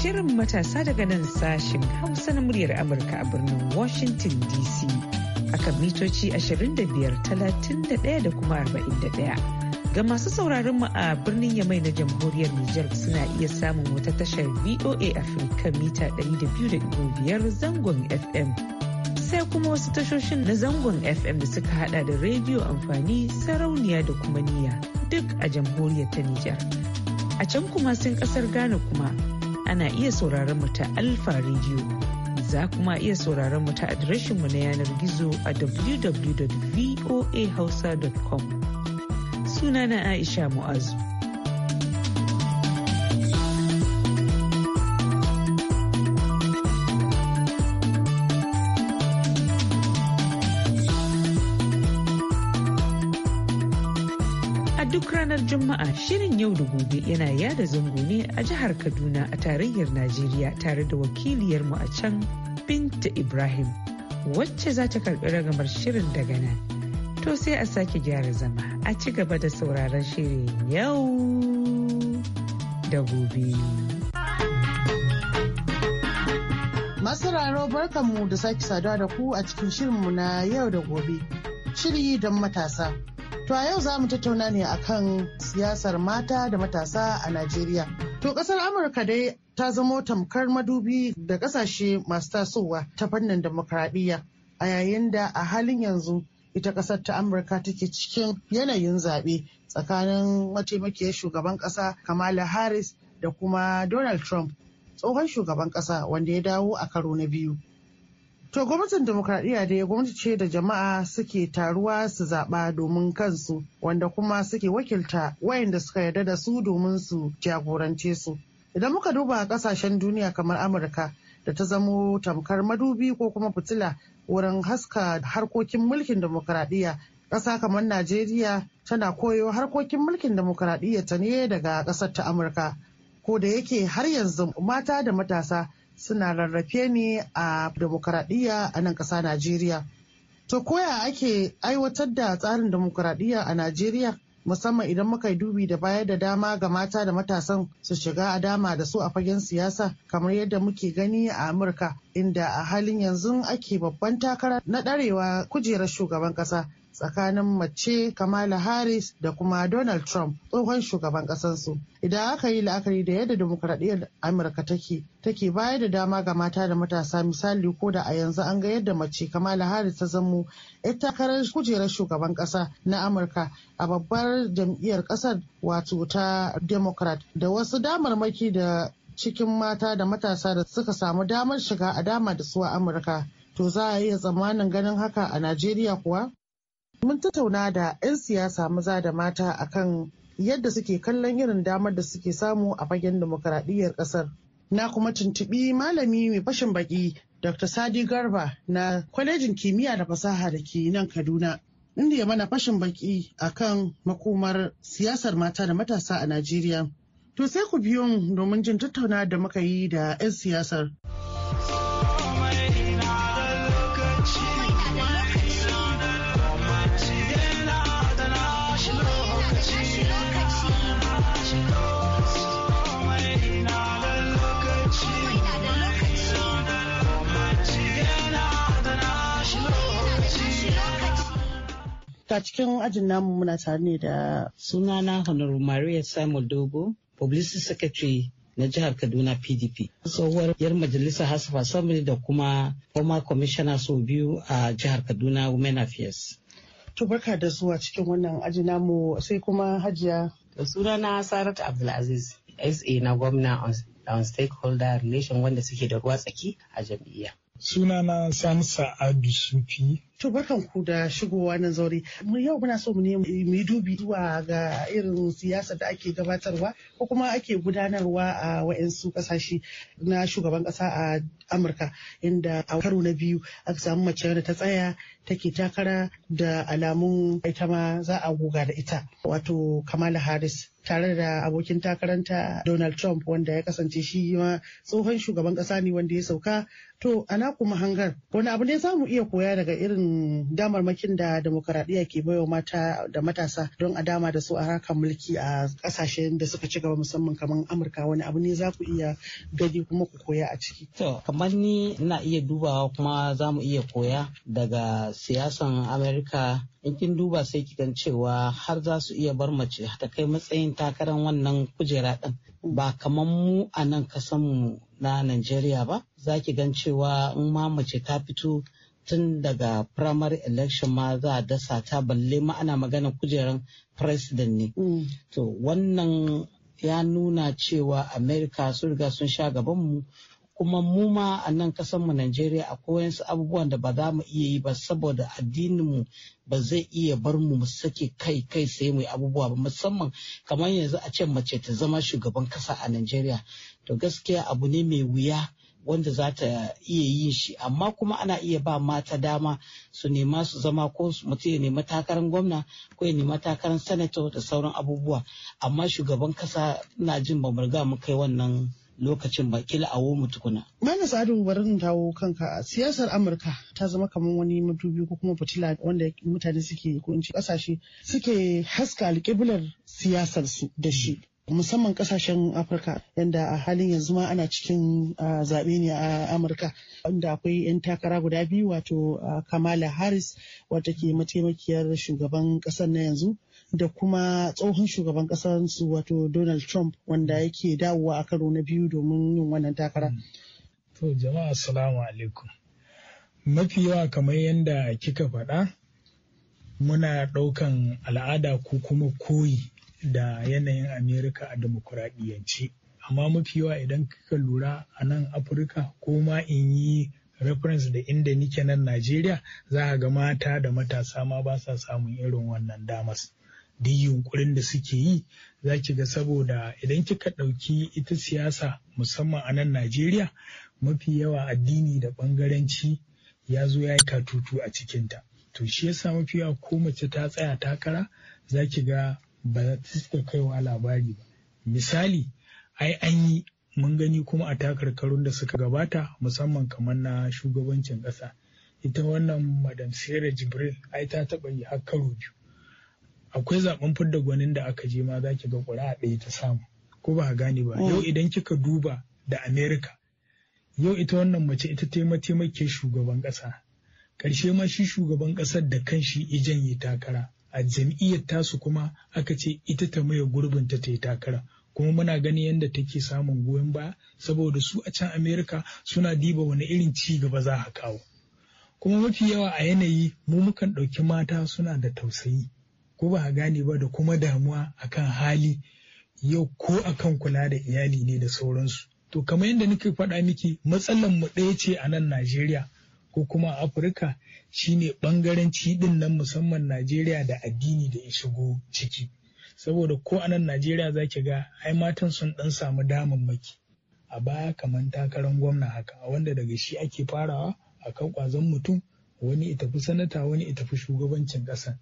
shirin matasa daga nan sashen Hausa na muryar Amurka a birnin Washington DC akan mitoci 25, 31 da kuma 41. ga masu sauraron mu a birnin yamai na jamhuriyar Nijar suna iya samun wata tashar VOA afirka mita 200.5 zangon FM. Sai kuma wasu tashoshin na zangon FM da suka hada da rediyo amfani sarauniya da kuma niyya duk a jamhuriyar ta Nijar. A can kuma sun kasar Ghana kuma ana iya sauraron mu ta Alfa Radio. Za kuma iya sauraron mu ta adireshin mu na yanar gizo a www.voahausa.com. Sunana Aisha Mu'azu. Shirin yau da gobe yana yada zango ne a jihar Kaduna a tarayyar Najeriya tare da wakiliyarmu a can Binta Ibrahim wacce za ta karɓi ragamar shirin daga nan. To sai a sake gyara zama a ci gaba da sauraron shirin yau da gobe. raro barkanmu da sake saduwa da ku a cikin shirinmu na yau da gobe. Shiri don matasa. To a yau za mu tattauna ne akan siyasar mata da matasa a Najeriya. To kasar Amurka dai ta zamo tamkar madubi da kasashe masu tasowa ta fannin demokradiyya a yayin da a halin yanzu ita kasar ta Amurka take cikin yanayin zaɓe tsakanin mataimakiyar shugaban ƙasa Kamala Harris da kuma Donald Trump tsohon shugaban ƙasa wanda ya dawo a karo na biyu. To gwamnatin demokradiyya da ya gwamnati ce da jama'a suke taruwa su zaɓa domin kansu wanda kuma suke wakilta wayanda suka yarda da su domin su jagorance su. Idan muka duba ƙasashen duniya kamar Amurka da ta zamo tamkar madubi ko kuma fitila wurin haska harkokin mulkin demokradiyya ƙasa kamar Najeriya tana koyo harkokin mulkin demokradiyya ta ne daga ƙasar ta Amurka. Ko da yake har yanzu mata da matasa suna rarrafe ne a demokuraɗiyya a nan ƙasa Najeriya. To koya ake aiwatar da tsarin demokuraɗiyya a Najeriya musamman idan muka yi dubi da bayar da dama ga mata da matasan su shiga a dama da su a fagen siyasa kamar yadda muke gani a Amurka inda a halin yanzu ake babban takara na ɗarewa kujerar shugaban ƙasa tsakanin mace Kamala Harris da kuma Donald Trump tsohon shugaban ƙasarsu. Idan aka yi la'akari da yadda demokradiyyar Amurka take, take bayar da dama ga mata da matasa misali ko da a yanzu an ga yadda mace Kamala Harris ta zamo yar takarar kujerar shugaban ƙasa na Amurka a babbar jam'iyyar ƙasar wato ta Democrat da wasu damarmaki da cikin mata da matasa da suka samu damar shiga a dama da su a Amurka. To za a iya tsammanin ganin haka a Najeriya kuwa? Mun tattauna da 'yan siyasa maza da mata akan yadda suke kallon irin damar da suke samu a fagen dimokuraɗiyyar ƙasar. Na kuma tuntuɓi malami mai fashin baƙi Dr. Sadi Garba na kwalejin kimiyya da fasaha da ke nan Kaduna. Inda ya mana fashin baki akan makomar siyasar mata da matasa a Najeriya. To sai ku biyo domin jin tattauna da muka yi da 'yan siyasar. ta cikin ajin namu muna tare ne da sunana honor maria Simon dogo publicity secretary na jihar kaduna pdp tsohuwar yar majalisar house of assembly da kuma former commissioner so biyu a jihar kaduna women affairs to barka da zuwa cikin wannan ajin namu sai kuma hajiya da sunana sarat abdulaziz sa na gwamna on stakeholder relation wanda suke da ruwa tsaki a jam'iyya Sunana samsa abu Sufi. To barkan ku da shigowa nan zaure. Mu yau muna so mu ne mu yi dubi zuwa ga irin siyasar da ake gabatarwa ko kuma ake gudanarwa a wa'ansu kasashe na shugaban kasa a Amurka inda a karo na biyu aka samu mace da ta tsaya take takara da alamun ita ma za a goga da ita wato Kamala Harris. tare da abokin takaranta Donald Trump wanda ya kasance shi ma tsohon shugaban kasa ne wanda ya sauka to ana kuma hangar wani abu ne za mu iya koya daga irin damarmakin da demokaradiyya ke baiwa mata da matasa don a dama da su a harkar mulki a kasashen da suka ci gaba musamman kamar Amurka wani abu ne za ku iya gani kuma ku koya a ciki. To kamar ni na iya dubawa kuma za mu iya koya daga siyasan Amurka in kin duba sai ki gan cewa har za su iya bar mace ta kai matsayin takarar wannan kujera ɗin ba kamar mu a nan mu na Najeriya ba za ki gan cewa in ma mace ta fito tun daga primary election ma za a dasa ta balle ma ana magana kujeran president ne. Mm. To wannan ya nuna cewa america sun riga sun sha gaban mu. kuma mu ma a nan kasan mu Najeriya akwai wasu abubuwan da ba za mu iya yi ba saboda addinin mu ba zai iya bar mu mu sake kai kai sai mu yi abubuwa ba musamman kamar yanzu a ce mace ta zama shugaban kasa a Najeriya to gaskiya abu ne mai wuya wanda za ta iya yin shi amma kuma ana iya ba mata dama su nema su zama ko mutum ya nema takarar gwamna ko ya nema takarar sanato da sauran abubuwa amma shugaban kasa na jin ba mu riga mu kai wannan lokacin ba kila a womu tukuna. Mana Sadu bari in dawo kanka siyasar Amurka ta zama kamar wani madubi ko kuma fitila wanda mutane suke ko in ce kasashe suke haska alƙiblar siyasar su da shi. musamman kasashen afirka yadda a halin yanzu ma ana cikin zaɓe ne a amurka inda akwai 'yan takara guda biyu wato kamala harris wata ke mataimakiyar shugaban ƙasar na yanzu da kuma tsohon shugaban kasar wato Donald Trump wanda mm. yake dawowa a karo na biyu domin yin wannan takara. Mm. To jama'a assalamu alaikum. Mafi yawa kamar yadda kika faɗa muna ɗaukan al'ada ko kuma koyi da yanayin Amerika a demokuraɗiyyance. Amma mafi yawa idan kika lura a nan Afirka ko ma in yi reference da inda nike nan Najeriya za a ga mata da matasa ma ba sa samun irin wannan damas. duk yunkurin da suke yi za ki ga saboda idan kika ɗauki ita siyasa musamman a nan Najeriya mafi yawa addini da ɓangaranci ya zo ya yi katutu a cikinta. To shi yasa mafi yawa ko mace ta tsaya takara za ki ga ba ta kaiwa labari ba. Misali, ai an yi mun gani kuma a takarkarun da suka gabata musamman kamar na shugabancin ƙasa. Ita wannan Madam Sarah Jibril ai ta taɓa yi har karo biyu. akwai zaben fidda gwanin da aka je ma za ki ga ƙuri'a ɗaya ta samu ko ba a gane ba yau idan kika duba da america yau ita wannan mace ita taimake shugaban ƙasa ƙarshe ma shi shugaban ƙasar da kan shi kanshi yi takara a jam'iyyar tasu kuma aka ce ita ta maye gurbin ta ta yi takara kuma muna gani yadda take samun goyon baya saboda su a can america suna diba wani irin ci gaba za a kawo kuma mafi yawa a yanayi mu mukan ɗauki mata suna da tausayi ko ba a gane ba da kuma damuwa akan hali yau ko akan kula da iyali ne da sauransu to kamar yadda nake faɗa miki matsalar mu ɗaya ce a nan Najeriya ko kuma a Afirka shine bangaranci din nan musamman Najeriya da addini da ya shigo ciki saboda ko a nan Najeriya ki ga ai matan sun ɗan samu damammaki a baya kamar takarar gwamna haka wanda daga shi ake farawa akan kwazon mutum wani ita fi sanata wani ita fi shugabancin ƙasa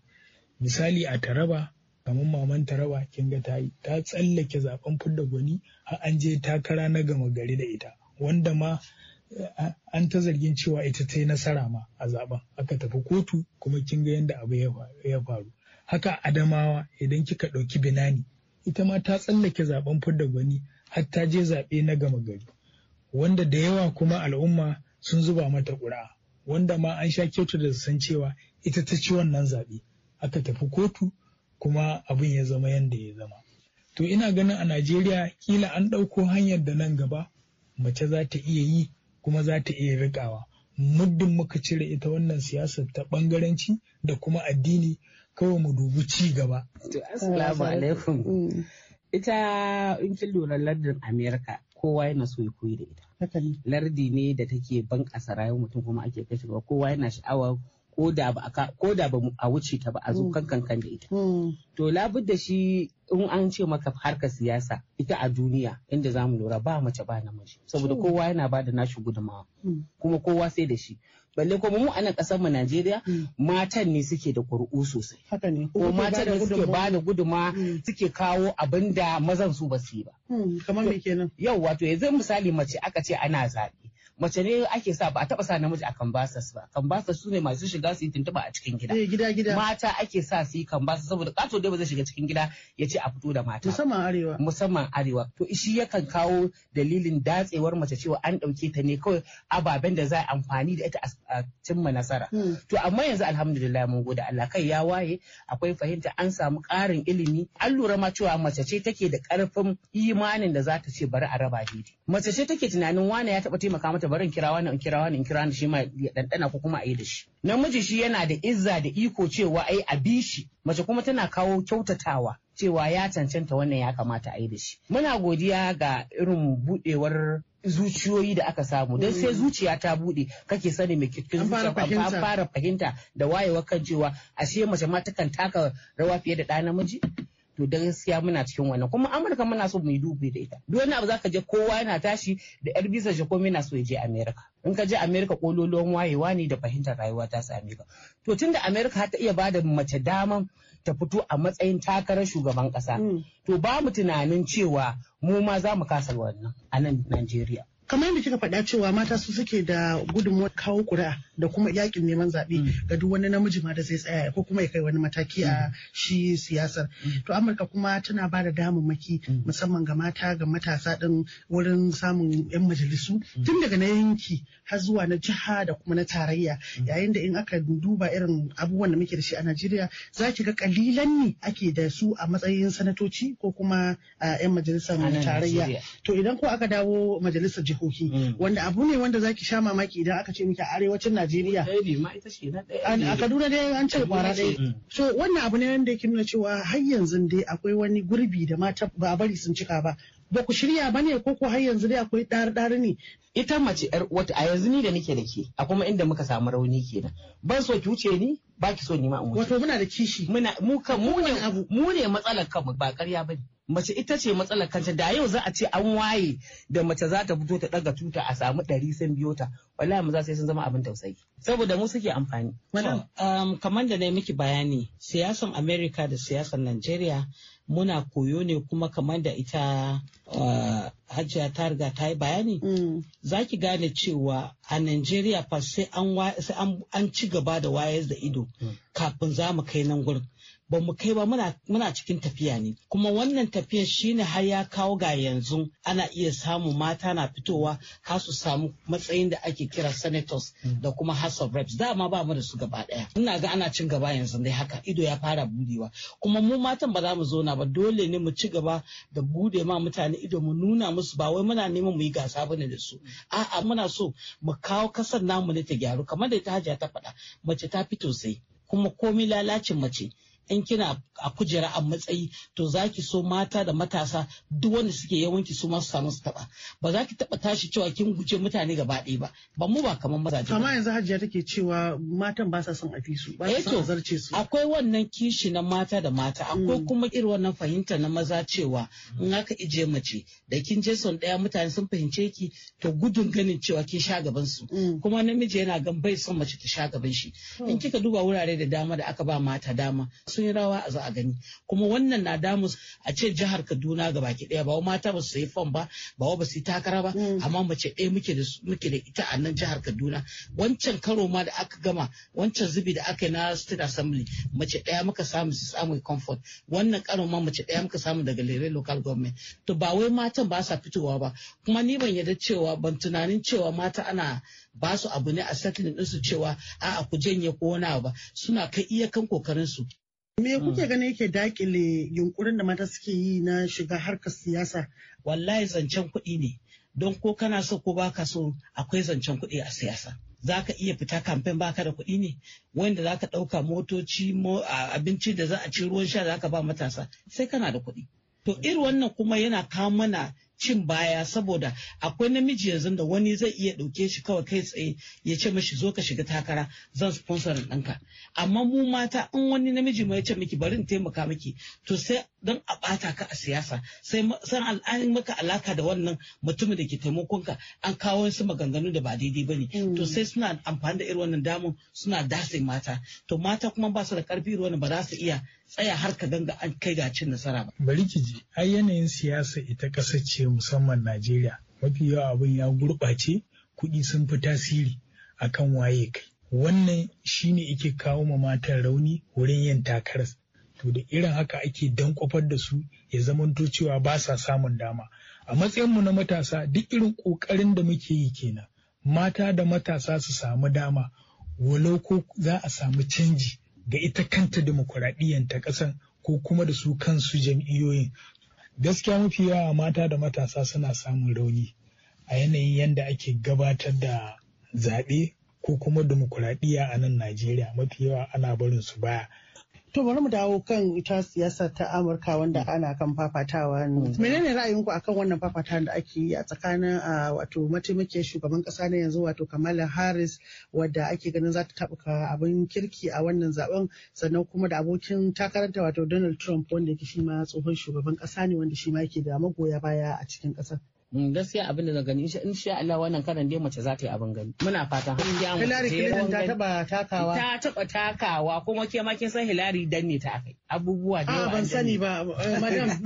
misali a taraba kamar maman taraba kin ga ta yi ta tsallake zaben fidda gwani har an je takara na gama gari da ita wanda ma an ta zargin cewa ita ta yi nasara ma a zaben aka tafi kotu kuma kin ga yadda abu ya faru haka adamawa idan kika ɗauki binani ita ma ta tsallake zaben fidda gwani har ta je zaɓe na gama gari wanda da yawa kuma al'umma sun zuba mata ƙura wanda ma an sha kyautu da san cewa ita ta ci wannan zaɓe aka tafi kotu kuma abin ya zama yadda ya zama to ina ganin a najeriya kila an ɗauko hanyar da nan gaba mace za ta iya yi kuma za ta iya riƙawa muddin muka cire ita wannan siyasar ta ɓangaranci da kuma addini kawai mu dubi ci gaba. Ita in kin lura lardin Amerika kowa yana so ya koyi da ita. Lardi ne da take ban rayuwar mutum kuma ake kashewa kowa yana sha'awar koda da ba a wuce ta ba a zo mm. kan kankan da ita mm. to da shi in an ce maka harkar siyasa ita a duniya inda zamu lura ba mace ba namiji saboda kowa yana ba da nashi gudumawa mm. kuma kowa sai da shi balle kuma mu a nan kasar mu Najeriya matan ne suke da ƙuri'u sosai haka ne ko matan ne suke ba da guduma suke kawo abin da mazan su ba su yi ba kamar me kenan yau wato yanzu misali mace aka ce ana zaɓe mace ne ake sa ba a taba sa namiji a kambasas ba kambasas su ne masu shiga su yi tuntuba a cikin gida eh, gida gida mata ake sa su yi kambasas saboda kato dai ba zai shiga cikin gida ya ce a fito da mata musamman arewa musamman arewa to shi yakan kawo dalilin datsewar mace cewa an ɗauke ta ne kawai ababen da za a amfani da ita a cimma nasara hmm. to amma yanzu alhamdulillah mun gode Allah kai ya waye akwai fahimta an samu karin ilimi an lura ma cewa mace ce take da karfin imanin da za ta ce bari a raba hidi mace ce take tunanin wane ya taba taimaka mata bari in kira wani in kira wani in kira wani shi ma ya ɗanɗana ko kuma a yi da shi namiji shi yana da izza da iko cewa ai a bi shi mace kuma tana kawo kyautatawa cewa ya cancanta wannan ya kamata a yi da shi muna godiya ga irin buɗewar zuciyoyi da aka samu don sai mm. zuciya ta buɗe kake sani mai kitkin zuciya an fara fahimta da wayewa kan cewa ashe mace ma takan taka rawa fiye da ɗa namiji to da gaskiya muna cikin wannan kuma amurka muna so mu yi dubi da ita duk wani abu zaka je kowa yana tashi da yar bisa shi komai na so ya je Amerika. in ka je america kololuwan wayewa ne da fahimtar rayuwa ta same ka to tunda america ta iya ba da mace daman ta fito a matsayin takarar shugaban kasa mm. to ba mu tunanin cewa mu ma za mu kasa wannan a nan najeriya kamar yadda kika faɗa cewa mata su suke da gudunmawar kawo kuri'a da kuma yakin neman zaɓe mm. ga duk wani namiji ma da zai tsaya ko kuma ya kai wani mataki a mm. shi siyasar mm. to amurka kuma tana ba da damammaki musamman ga mata ga matasa din wurin samun yan majalisu tun daga na yanki har zuwa na jiha da kuma na tarayya yayin da in aka duba irin abubuwan da muke da shi a Najeriya za ki ga kalilan ne ake da su a matsayin sanatoci ko kuma yan majalisar tarayya to idan ko aka dawo majalisar jiha jihohi mm. wanda abu ne wanda zaki sha mamaki idan aka ce miki arewacin Najeriya a Kaduna dai an ce kwara dai mm. so wannan abu ne wanda yake nuna cewa har yanzu dai akwai wani gurbi da mata ba bari sun cika ba ba ku shirya ba ne ko ko har yanzu dai akwai ɗari-ɗari ne. Ita mace ‘yar wata a yanzu ni da nake da ke a kuma inda muka samu rauni kenan. Ban so ki wuce ni ba ki so ni ma in wuce. Wato muna da kishi. Muna mu kan mu ne mu ne matsalar kanmu ba ƙarya ba ne. mace ita ce matsalar kanta da yau za a ce an waye da mace za ta fito ta daga tuta a samu ɗari sun biyo ta wallahi maza sai sun zama abin tausayi saboda mu suke amfani. Wannan um, kamar da na yi miki bayani siyasan Amerika da siyasan Najeriya muna koyo ne kuma kamar da ita uh, hajiya ta riga ta yi bayani mm. za ki gane cewa a Najeriya fa sai an, ci gaba da wayar da ido mm. kafin za mu kai nan gurin. ba mu kai ba muna cikin tafiya ne kuma wannan tafiyar shine har ya kawo ga yanzu ana iya samu mata na fitowa har su samu matsayin da ake kira senators mm. da kuma house of reps dama ba mu da su gaba daya ina ga ana cin gaba yanzu dai haka ido ya fara budewa kuma mu matan ba za mu zo na ba dole ne mu ci gaba da bude ma mutane ido mu nuna musu ba wai muna neman mu yi gasa bane da su a'a muna so mu kawo kasar namu ne ta gyaru kamar da ita hajiya ta faɗa mace ta fito sai kuma komai lalacin mace in kina a kujera a matsayi to za ki so mata da matasa duk wanda suke yawanki su masu samu su taba ba za ki taba tashi cewa kin guje mutane gaba ɗaya ba ba mu ba kamar mazaje amma yanzu hajiya take cewa matan ba sa son a fi su ba sa son eh zarce su akwai wannan kishi na mata da mata akwai hmm. kuma irin wannan fahimta na maza cewa in aka ije mace da kin je son ɗaya mutane sun fahimce ki to gudun ganin cewa kin sha gaban su hmm. kuma namiji yana gan bai son mace ta sha gaban shi hmm. in kika duba wurare da dama da aka ba mata dama sun yi rawa a za a gani kuma wannan na damus a ce jihar Kaduna ga baki daya ba mata ba su yi fam ba ba ba su yi takara ba mm. amma mace ɗaya muke da ita a nan jihar Kaduna wancan karo ma da aka gama wancan zubi da aka yi na state assembly mace ɗaya muka samu su samu comfort wannan karo ma mace ɗaya muka samu daga lere local government to ba wai matan ba sa fitowa ba kuma ni ban yarda cewa ban tunanin cewa mata ana ba su abu ne a settling su cewa a'a ku janye ko wani abu ba suna kai iyakan kokarin su Me hmm. kuke ganin yake dakile yunkurin da mata suke yi na shiga harkar siyasa? Wallahi zancen kuɗi ne. Don ko kana so ko baka so akwai zancen kuɗi a siyasa. Za ka iya fita kamfen baka da kuɗi ne, wanda za ka ɗauka motoci, abinci da za a ci ruwan sha za ka ba matasa, sai kana da kuɗi. to iri wannan kuma yana kawo mana cin baya saboda akwai namiji yanzu da wani zai iya ɗauke shi kawai kai tsaye ya ce mashi zo ka shiga takara zan sponsor ɗanka amma mu mata in wani namiji ma ya ce miki bari in taimaka miki to sai don a ɓata ka a siyasa sai san al'adun maka alaka da wannan mutumin da ke taimakon ka an kawo wasu maganganu da ba daidai ba ne mm. to sai suna amfani da irin wannan damun suna dasa mata to mata kuma ba su da ƙarfi irin wannan ba za su iya tsaya har ka danga an kai ga cin nasara ba. Bari ki ji, ai yanayin siyasa ita ƙasa ce musamman Najeriya. Mafi yawa abin ya gurɓace, kuɗi sun fi tasiri akan waye kai. Wannan shine ike kawo ma matan rauni wurin yin takaras. To da irin haka ake dan da su ya zamanto cewa ba sa samun dama. A matsayinmu na matasa duk irin ƙoƙarin da muke yi kenan. Mata da matasa su samu dama, walau ko za a samu canji. ga ita kanta demokuraɗiyyar ta ƙasan ko kuma da su kansu jam'iyyoyin gaskiya mafi yawa mata da matasa suna samun rauni a yanayin yadda ake gabatar da zaɓe ko kuma demokuraɗiyya a nan najeriya mafi yawa ana barin su baya To bari mu dawo kan ita siyasa ta Amurka wanda mm. ana kan fafatawa ne. Mm. Menene ra'ayinku akan wannan fafatawa da ake yi a tsakanin wato mataimakin shugaban kasa na yanzu wato Kamala Harris wadda ake ganin za ta ka abin kirki a wannan zaben sannan kuma da abokin takaranta wato Donald Trump wanda yake shi ma tsohon shugaban kasa ne wanda shi ma yake da magoya baya a cikin kasar. Mm, gaskiya abin da gani in sha Allah wannan karan dai mace za ta yi abin gani muna fatan har ya mu Hillary Clinton ta taba takawa ta taba takawa kuma ke ma kin san Hillary dan ne ta akai abubuwa da ah, ban sani ba eh, madam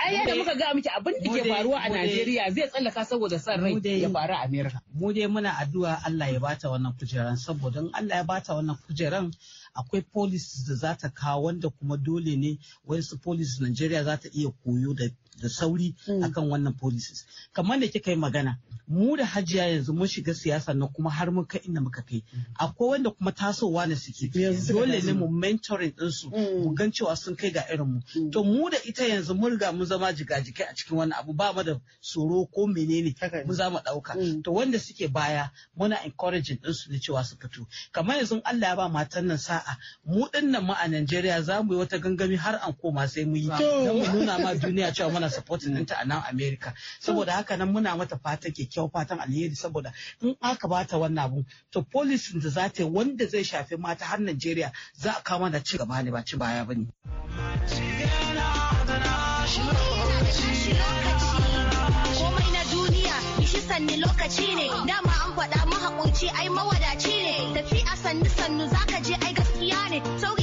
ai yadda muka ga miki abin da ke faruwa a Najeriya zai tsallaka saboda san rai ya faru a America mu dai muna addu'a Allah ya bata wannan kujeran saboda Allah ya bata wannan kujeran akwai policies da za ta kawo wanda kuma dole ne wasu policies Najeriya za ta iya koyo da sauri mm. akan wannan policies kamar da kika yi magana mu da hajiya yanzu mun shiga siyasa na kuma har mun kai inda muka kai mm. akwai wanda kuma tasowa na suke dole ne mu mentoring ɗinsu mm. mu gan cewa sun kai ga irin mu to mu da ita yanzu mun riga mun zama jigajikai a cikin wannan abu ba mu da tsoro ko menene mu za mu ɗauka to wanda suke baya muna encouraging ɗinsu na cewa su fito kamar yanzu Allah ya ba matan nan sa a'a mu din nan ma a Najeriya za mu yi wata gangami har an koma sai mu yi don mu nuna ma duniya cewa muna supporting ɗinta a nan America saboda haka nan muna mata fata kyau fatan alheri saboda in aka bata wannan abu to policy da za ta yi wanda zai shafi mata har Najeriya za a kama da ci gaba ne ba ci baya ba ne. Komai na duniya shi sanni lokaci ne dama an faɗa mahaƙunci ai mawadaci ne tafi a sannu sannu zaka je ai So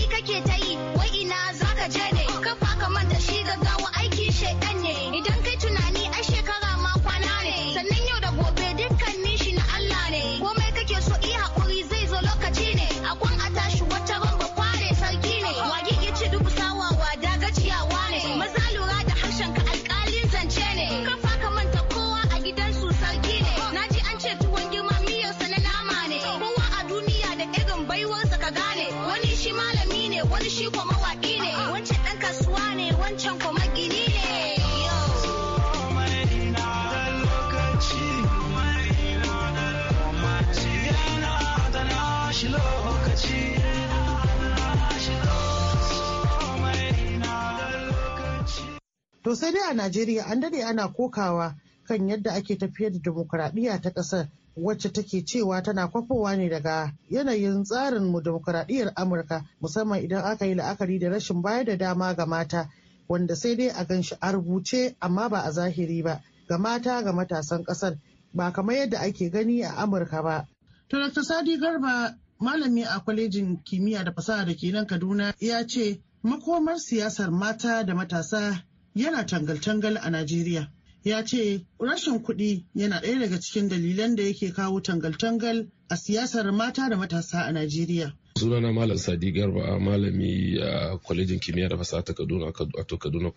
To sai dai a Najeriya an dade ana kokawa kan yadda ake tafiyar da demokuraɗiyya ta ƙasar wacce take cewa tana kwafowa ne daga yanayin tsarin mu demokuraɗiyyar Amurka musamman idan aka yi la'akari da rashin bayar da dama ga mata wanda sai dai a ganshi a rubuce amma ba a zahiri ba ga mata ga matasan ƙasar ba kamar yadda ake gani a Amurka ba. To Dr. Sadi Garba malami a kwalejin kimiyya da fasaha da ke nan Kaduna ya ce makomar siyasar mata da matasa yana tangal-tangal a Najeriya. Ya ce rashin kuɗi yana ɗaya daga cikin dalilan da yake kawo tangal-tangal a siyasar mata da matasa a Najeriya. sunana malam sadi garba malami a kwalejin kimiyya da fasaha ta kaduna to kaduna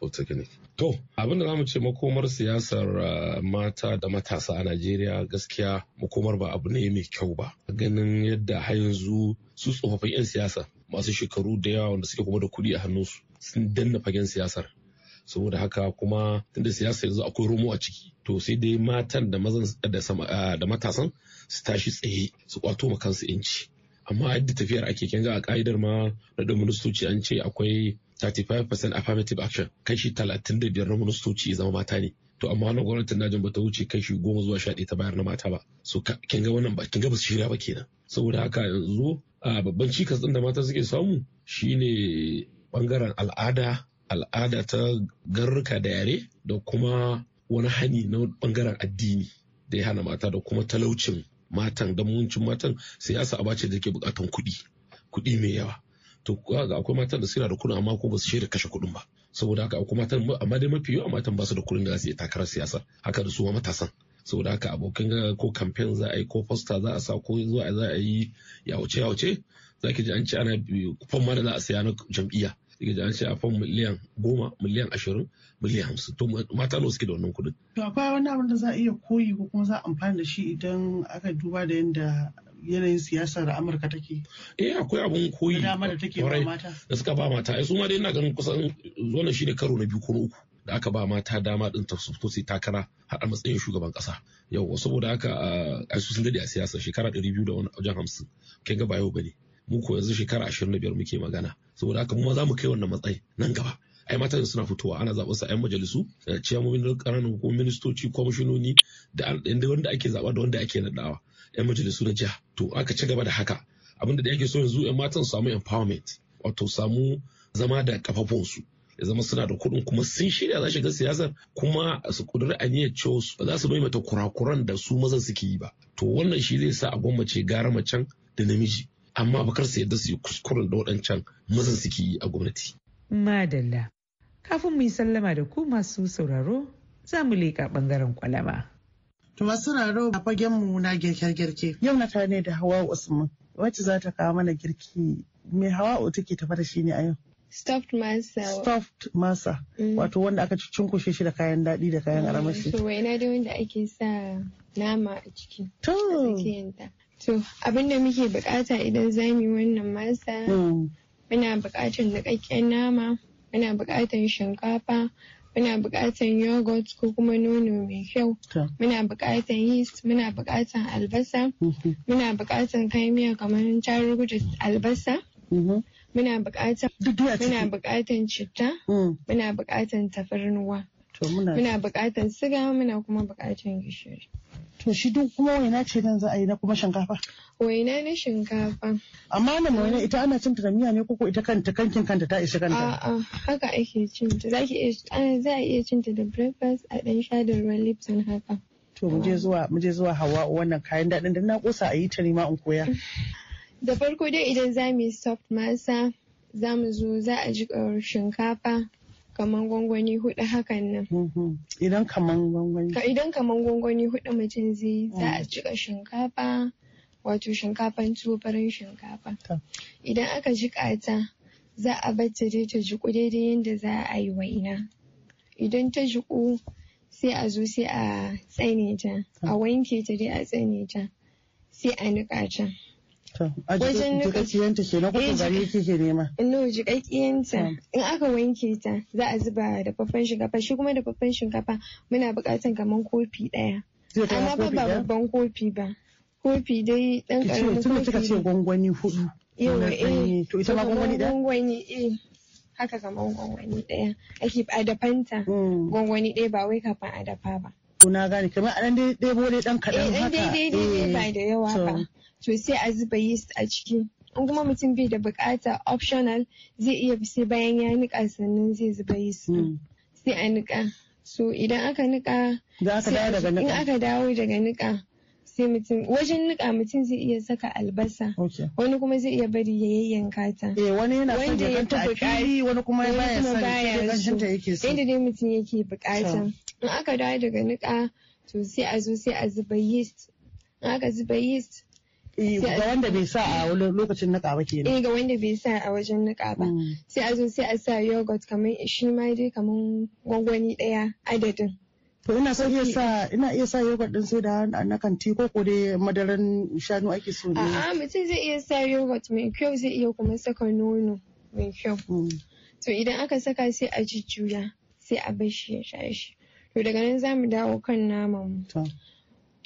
to abin da zamu ce makomar siyasar ah, mata da matasa a najeriya gaskiya makomar ba abu ne mai kyau ba ganin yadda har yanzu su tsofaffin 'yan siyasa masu shekaru da yawa wanda suke kuma da kuɗi a hannunsu sun danna fagen siyasar saboda haka kuma tunda siyasa yanzu akwai romo a ciki to sai dai matan da mazan da matasan su tashi tsaye su kwato ma kansu yanci amma yadda tafiyar ake kin ga a ka'idar ma na da ministoci an ce akwai 35% affirmative action kashi 35 na ministoci zama mata ne to amma wannan gwamnatin najin bata wuce kashi goma zuwa 11 ta bayar na mata ba so kin ga wannan ba kin ga ba su shirya ba kenan saboda haka yanzu a babban cikas din da mata suke samu shine bangaren al'ada al'ada ta garruka da yare da kuma wani hani na bangaren addini da ya hana mata da kuma talaucin matan da muncin matan siyasa a bace da ke bukatan kuɗi kuɗi mai yawa to ga akwai matan da suna da kuɗin amma ko ba su shaida kashe kuɗin ba saboda haka akwai matan amma dai mafi yawa matan ba su da kuɗin da za su yi takarar siyasa haka da su ma matasan saboda haka abokan ko kamfen za a yi ko fosta za a sa ko za a yi yawace yawace za ki ji an ce ana ma da za a saya na jam'iyya sai ga an ce a fan miliyan goma miliyan ashirin miliyan hamsin to mata nawa suke da wannan kuɗin. to akwai wani abin da za a iya koyi ko kuma za a amfani da shi idan aka duba da yadda yanayin siyasar amurka take eh akwai abun koyi da da take ba mata da suka ba mata ai su ma dai ina ganin kusan wannan shine karo na biyu ko uku da aka ba mata dama din ta su su takara har a matsayin shugaban kasa yau saboda haka a ah, sun dade a siyasa shekara 200 da wani wajen 50 kin ga ba yau bane mu ko yanzu shekara ashirin da biyar muke magana saboda haka mu za mu kai wannan matsayi nan gaba ai matan suna fitowa ana zaɓar sa 'yan majalisu ciyamomin ƙananan hukumar ministoci kwamishinoni da wanda ake zaɓa da wanda ake naɗawa 'yan majalisu na jiha to aka ci gaba da haka abin da yake so yanzu 'yan matan samu empowerment wato samu zama da ƙafafunsu ya zama suna da kuɗin kuma sun shirya za shiga siyasar kuma su kudura aniyar cewa ba za su maimaita kurakuran da su maza suke yi ba to wannan shi zai sa a gwammace gara macen da namiji amma ba kar su yadda su yi kuskuren da waɗancan mazan suke yi a gwamnati. Madalla, kafin mu yi sallama da ku masu sauraro za mu leƙa ɓangaren kwalama. To masu sauraro a fagen mu na girke-girke. Yau na tare da Hawa Usman wacce za ta kawo mana girki mai Hawa take tafa da shi ne a yau. Stuffed masa. Stuffed masa. Mm. Wato wanda aka cunkushe shi da kayan daɗi da kayan armashi. Mm. waina wanda ake sa nama a ciki. To. To abinda muke bukata idan za mu yi wannan masa mm. muna bukatan niƙaƙƙen nama muna bukatan shinkafa muna bukatar yogurt ko kuma nono mai kyau muna bukatar yeast muna bukatar albasa mm-hmm. muna bukatar kayan miya kamar tarugu da albasa mm-hmm. muna bukatar citta mm. muna bukatar tafarnuwa muna bukatar siga muna kuma bukatan gishiri To shi duk kuma waina ce nan za a yi na kuma shinkafa? Waina ne shinkafa. Amma nan waina ita ana cin ta miya ne koko ita kanta kankin kanta ta isa kanta? A'a haka ake cin ta. Za eh, a iya cin ta da breakfast a ɗan sha da ruwan Lipton haka. To mu zuwa mu je zuwa hawa wannan kayan daɗin da na kusa a yi ta nima in koya. Da farko dai idan za mu yi soft masa za mu zo za a ji shinkafa kaman gwangwani hudu hakan nan. Hmm, hmm. Idan kaman gwangwani. Idan kaman gwangwani hudu mutum zai za a hmm. jika shinkafa wato shinkafan tuwo shinkafa. Idan aka jika ta za a bata dai ta jiku daidai yadda za a yi waina. Idan ta jiƙu sai a zo sai a tsane ta a wanke ta dai a tsane ta sai a niƙa ta. wajen jikakkiyanta ke na kuka eh, gari kike nema no jikakkiyanta hmm. in aka wanke ta za a zuba dafaffen shinkafa shi kuma dafaffen shinkafa muna buƙatan kaman kofi ɗaya amma ba babban kofi ba kofi dai ɗan ƙaramin kofi kika ce gwangwani hudu yawa eh to ita ma gwangwani ɗaya gwangwani eh haka kaman gwangwani ɗaya ake a dafanta hmm. gwangwani ɗaya ba wai kafin a dafa ba kuna gane kamar anan eh, dai dai bole ɗan kadan haka eh dai dai da yawa ba to sai a zuba yeast a ciki in kuma mutum bai da bukata optional zai iya sai bayan ya nika sannan zai zuba yeast hmm. sai a nika so idan aka nika in aka dawo daga nika sai mutum wajen nika mutum zai iya saka albasa wani kuma zai iya bari ya yayyanka ta eh wani yana son ya ganta a fili wani kuma baya son ya ganta yake so inda dai mutum yake bukata in aka dawo daga niƙa to sai a zo sai a zuba yeast in aka zuba yeast eh, ga wanda bai sa a lokacin niƙa ba kenan eh ga wanda bai sa a wajen niƙa ba mm. sai a zo sai a sa yogurt kamar shi ma dai kamar gwangwani ɗaya adadin To ina so iya sa ina iya sa yogurt din da na kanti ko ko dai madaran shanu ake so ne. A'a mutum zai iya sa yogurt mai kyau zai iya kuma saka nono mai kyau. Mm. To idan aka saka sai a jujjuya sai a bar shi ya sha shi. to daga nan za mu dawo kan naman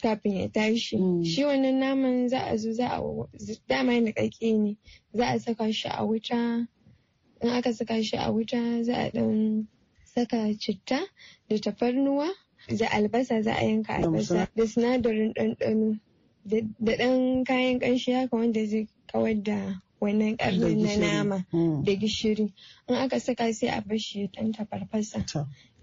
kafin ya tashi mm. shi wannan naman za a zo za a dama yana ƙarƙe ne za a saka shi a wuta in aka saka shi a wuta za a ɗan saka citta da tafarnuwa da albasa za a yanka albasa da sinadarin ɗanɗano da ɗan kayan ƙanshi haka wanda zai kawar da wannan karni na nama da hmm. gishiri in aka saka sai a bar shi ya dan tafarfasa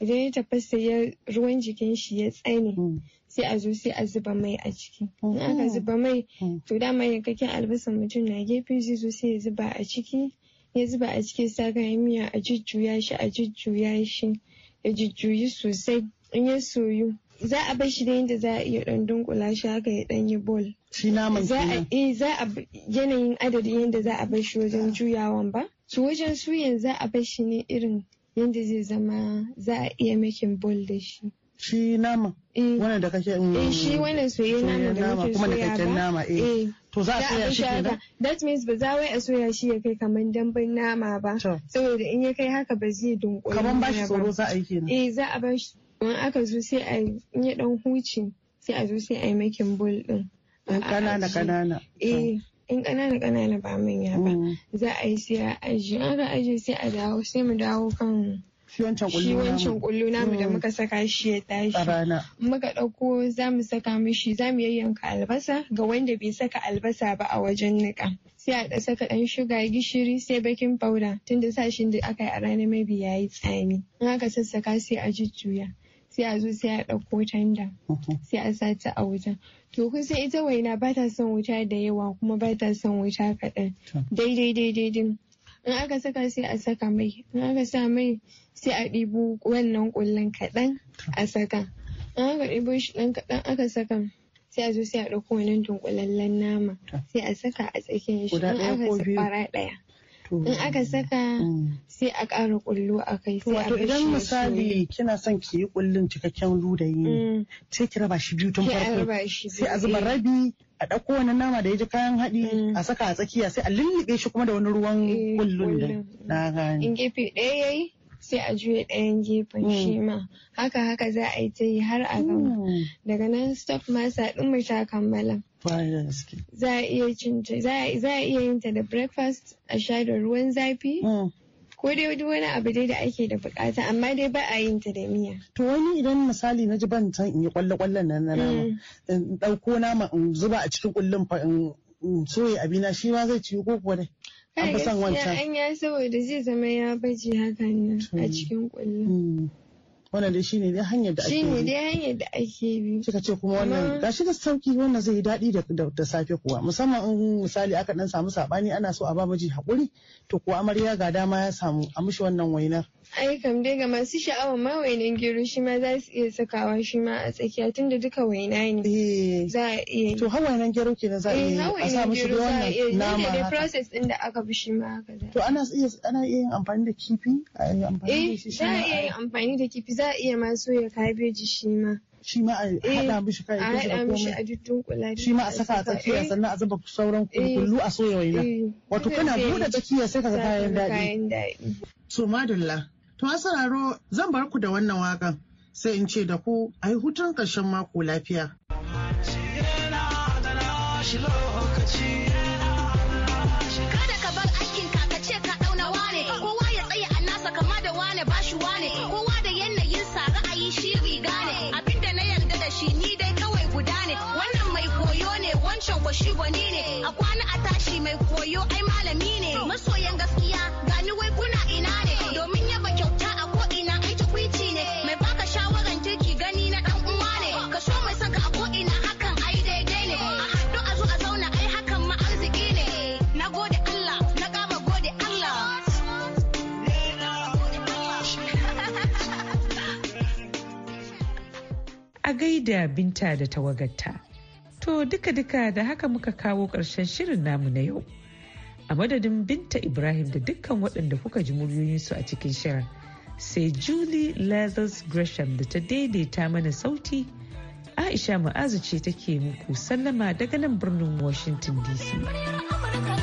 idan ya tafasa ya ruwan jikin shi ya tsane hmm. sai a zo sai a zuba mai a ciki in hmm. aka zuba mai to dama kake albasan mutum na gefe zai zo sai ya zuba a ciki ya zuba a ciki sa ga miya a jujjuya shi a jujjuya shi ya jujjuyi sosai in ya soyu za a bar shi da yadda za a iya dan dunkula shi haka ya dan yi bol shi naman za a eh za a yanayin adadin yadda za a bar shi wajen juyawan ba to wajen suyan za a bar shi ne irin yadda zai zama za a iya makin bol da shi shi nama eh. wannan da kake mm, eh shi wannan soyayyen nama da kake kuma da kakken nama eh. eh to za a soya shi kenan that means ba za wai a soya shi ya kai kaman dambun nama ba saboda in ya kai haka ba zai dunkule kaman ba shi tsoro za a yi kenan eh za a ba shi in aka zo sai a yi dan huce sai a zo sai a yi makin bol din in kanana kanana eh in kanana kanana ba manya ba mm. za a yi sai a aji an ga aje sai a dawo sai mu dawo kan shi wancan kullu namu da mm. muka saka shi ya tashi muka ɗauko za mu saka mishi za mu yayyanka albasa ga wanda bai saka albasa ba a wajen niƙa sai a saka ɗan shuga gishiri sai bakin powder tunda sashin da aka yi a ranar mabi yayi tsami in aka sassaka sai a jujjuya sai a zo sai a ɗauko tanda sai a ta a wajen to kun san ita waina ba ta son wuta da yawa kuma ba ta son wuta kaɗan daidai daidai din in aka saka sai a saka mai in aka sa mai sai a ɗibo wannan ƙullin kaɗan a saka in aka ɗibo shi ɗan kaɗan aka saka sai a zo sai a ɗauko wannan tunƙulallen nama sai a saka a tsakiyar shi in aka fara ɗaya in aka saka mm. sai a ƙara kullu a kai sai a idan misali kina son ki yi kullun cikakken ludayi mm. sai ki raba shi biyu tun farko sai a zuba eh. rabi a ɗauko wani nama da ya ji kayan haɗi mm. a saka a tsakiya sai a lulluɓe shi kuma da wani ruwan eh, ƙullun da na gani in gefe ɗaya yayi sai a juya ɗayan gefen mm. shi ma haka haka za a yi ta yi har a gama mm. daga nan stop masa ɗin mu ta kammala za a iya yin ta da breakfast a sha da ruwan zafi mm. ko dai wani abu dai da ake da bukata amma dai ba a yin ta da miya. To wani idan misali na ji ban san in yi kwalle nan na nama in ɗauko nama in zuba a cikin kullum fa in soya abina shi ma zai ci ko kuwa dai. an fi son wancan an ya saboda zai zama ya baje hakan nan a hmm. cikin kullu hmm. wannan dai shine dai hanyar da ake shine dai hanyar da ake bi kika ce kuma wannan gashi da sauki wannan zai yi daɗi da safe kuwa musamman in misali aka dan samu sabani ana so a ba miji haƙuri to kuwa amarya ga dama ya samu a mishi wannan wainar Ai kam dai ga masu sha'awar ma wainan gero shi ma za su iya sakawa shi ma a tsakiya tun da duka waina ne. Eh. Za a iya. yi. To har wainan gero kenan za a eh, iya yi. a sa mishi da wannan nama. Eh da process din da aka bi shi ma haka za. To ana iya ana iya yin amfani da kifi a yi amfani da shi. Eh, za a iya yin amfani da kifi za a iya ma soya kabeji shi ma. shi ma a haɗa mishi kai a haɗa mishi a duddun shi ma a saka a tsakiya sannan a zuba sauran kullu a soya waina wato kana buɗe tsakiya sai ka ga kayan daɗi so madalla To sararo zan bar ku da wannan wakan, sai in ce da ku a yi hutun ƙarshen mako lafiya. Kada ka bar aikin ka ce ka ɗauna wane, kowa ya tsaye a nasa kama da wane bashi wane. cewa washi gwani ne a kwana a tashi mai koyo ai malami ne masoyan gaskiya gani wai kuna ina ne domin yaba kyauta a ko ina ai tukwici ne mai baka shawaran kirki gani na dan uwa ne ka so mai saka a ko ina hakan ai daidai ne a haddu a zo a zauna ai hakan ma arziki ne na gode Allah na gaba gode Allah a gaida binta da tawagarta To duka-duka da haka muka kawo ƙarshen shirin namu na yau. A madadin Binta Ibrahim da dukkan waɗanda kuka ji muryoyinsu a cikin shirin. Sai Julie Lazarus Gresham da ta daidaita mana sauti. Aisha Ma'azu ce take muku sallama daga nan birnin Washington DC.